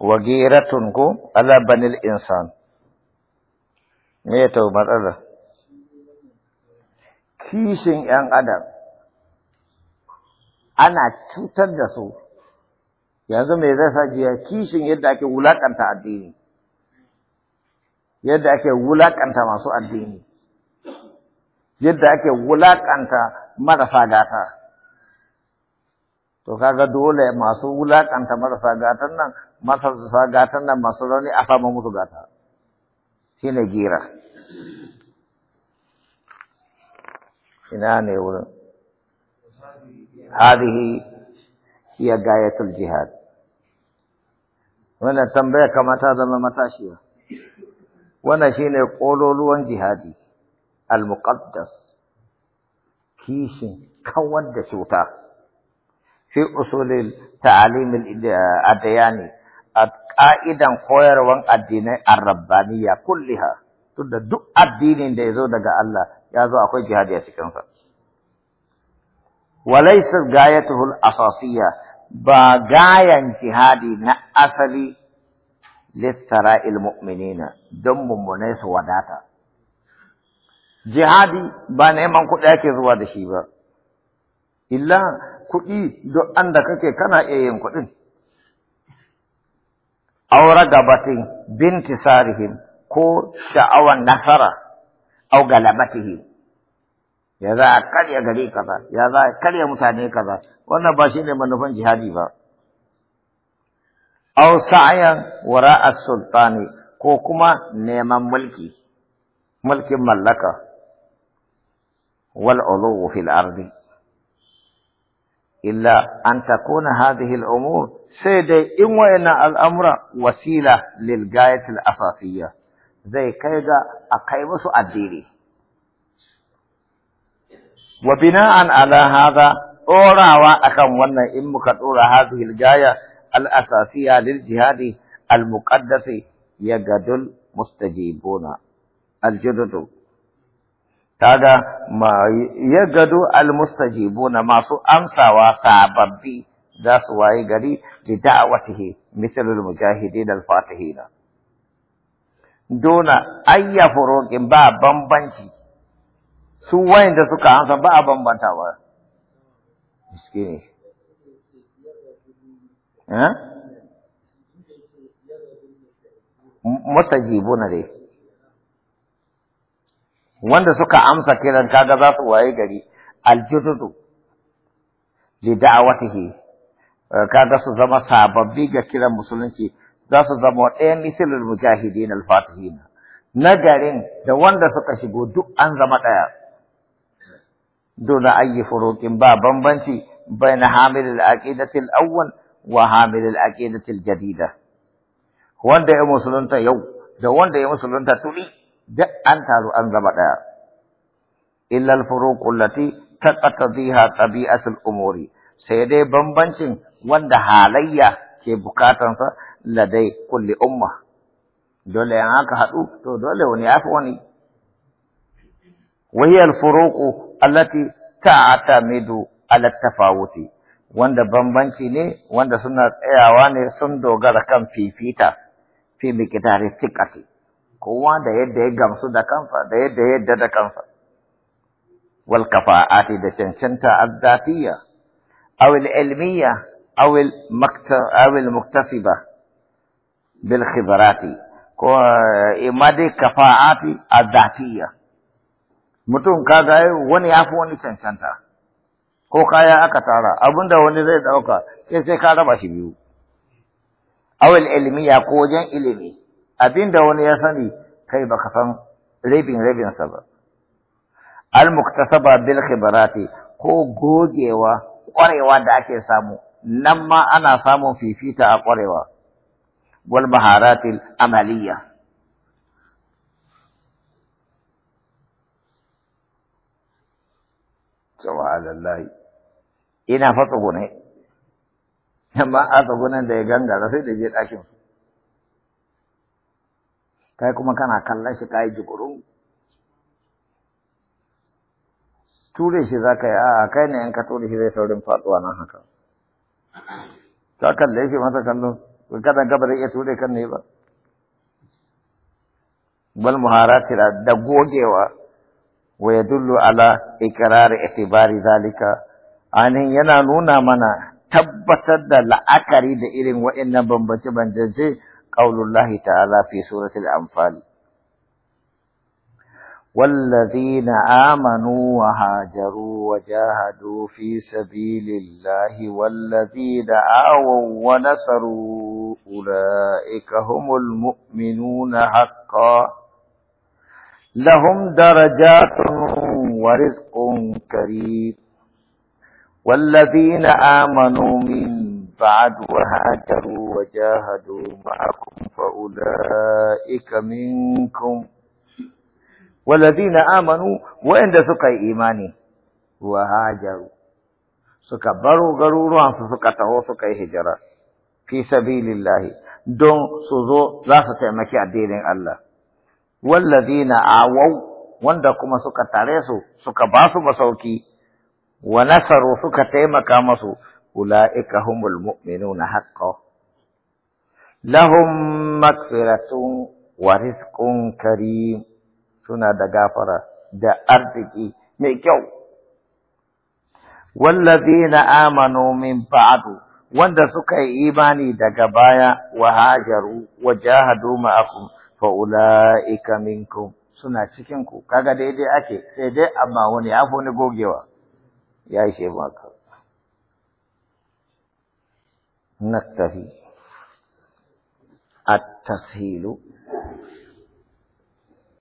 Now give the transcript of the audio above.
wagiratun ko ala banil insan me ta matsala kishin yan adam ana cutar da su yanzu me zai sa jiya kishin yadda ake wulakanta addini yadda ake wulakanta masu addini yadda ake wulakanta marasa gata to kaga dole masu wulakanta marasa gatan nan marasa gatan nan masu rauni a samu mutu gata shine gira ina ne wurin hadihi hiya gayatul jihad wannan tambaya kamata zama matashiya wannan shine kololuwan jihadi al-muqaddas kishin kawar da cuta في أصول التعليم الأدياني أيضا خير وان الدين الربانية كلها تود دو الدين ده يزو دقا الله يزو أخوي جهاد يا يسكنسا وليست غايته الأساسية بغاية جهادي أصلي للثراء المؤمنين دم منيس وداتا جهادي ba neman kuɗi ake zuwa da shi illa kuɗi duk an da kake kana iya yin kuɗin aura gabatin binti sarihin ko sha'awan nasara au galabatihi ya za a karya gari kaza ya za a karya mutane kaza wannan ba shi ne manufan jihadi ba au sa'ayan wara sultani ko kuma neman mulki mulkin mallaka wal ulu fil ardi إلا أن تكون هذه الأمور سيدي إن وإن الأمر وسيلة للغاية الأساسية زي كيدا أقيمس الديني وبناء على هذا أورا أكم ون إن مكتورة هذه الغاية الأساسية للجهاد المقدس يجد مستجيبون الجدد kaga ma ya gado na masu amsawa sababbi za su waye gari da da'awatihi misalul mujahidin al-fatihina dona ayya furoqin ba bambanci su wayanda suka amsa ba a bambantawa miskini eh mustajibuna dai wanda suka amsa kiran kaga za su waye gari aljududu li da'awatihi eh, kaga su zama sababbi ga kiran musulunci za su zama ɗaya misilul mujahidin al-fatihin na garin da wanda suka shigo duk an zama ɗaya duna ayi furuqin ba bambanci baina hamilil aqidati awwal wa hamilil aqidati jarida. jadida wanda ya musulunta yau da wanda ya musulunta tuli duk an taru an zama ɗaya illa al-furuq allati taqtadiha tabi'atul umuri sai dai bambancin wanda halayya ke bukatansa ladai kulli umma dole yan aka haɗu to dole wani ya fi wani وهي الفروق التي تعتمد على التفاوت wanda bambanci ne wanda suna tsayawa ne sun dogara kan fifita fi mikitari tikati kowa da yadda ya gamsu da kansa da yadda ya yadda da kansa wal kafa'ati da cancanta azzatiyya aw al ilmiyya aw al aw al muktasiba bil khibrati ko imma eh, kafa'ati azzatiyya mutum kaga wani yafi wani cancanta ko kaya aka tara abinda wani zai dauka sai sai ka raba shi biyu awil ilmiya ko wajen ilimi abinda wani ya sani kai baka san rabin rabinsa ba al-muktasaba bil khibarati ko gogewa ƙwarewa da ake samu nan ma ana samun fifita a ƙwarewa wal maharatil amaliya subhanallahi ina fa tsugune amma a tsugunan da ya gangara sai da je ɗakin kai kuma kana kallon shi kayi jikurun ture shi za ka yi a kai ne in ka ture shi zai saurin faduwa nan haka ta kalle shi masa kallo kada gaba da iya ture kan ne ba bal muharatira da gogewa wa yadullu ala ikrar itibari zalika anin yana nuna mana tabbatar da la'akari da irin wa'annan bambance-bambance قول الله تعالى في سورة الأنفال والذين آمنوا وهاجروا وجاهدوا في سبيل الله والذين آووا ونصروا أولئك هم المؤمنون حقا لهم درجات ورزق كريم والذين آمنوا من بعد وهاجروا وجاهدوا معكم فأولئك منكم والذين آمنوا وإن سكى إيماني وهاجروا برو سكى عن غرورا تهو سكى هجرة في سبيل الله دون سوزو لا ستعمك الدين الله والذين آووا wanda kuma suka tare su suka ba su masauki wa Wula a ka humul muɗum na haƙƙo? Lahomin wa riskun ƙari suna da gafara da arziki mai kyau. Wannan zina amano min ba'adu, wanda suka yi imani daga baya, wahajar wajaha duma akwai, fa wula a ka min ku suna cikinku. Ka ga dai ake, sai dai amma wani abu ni gogewa. Ya yi shaifin haka. نكتفي التسهيل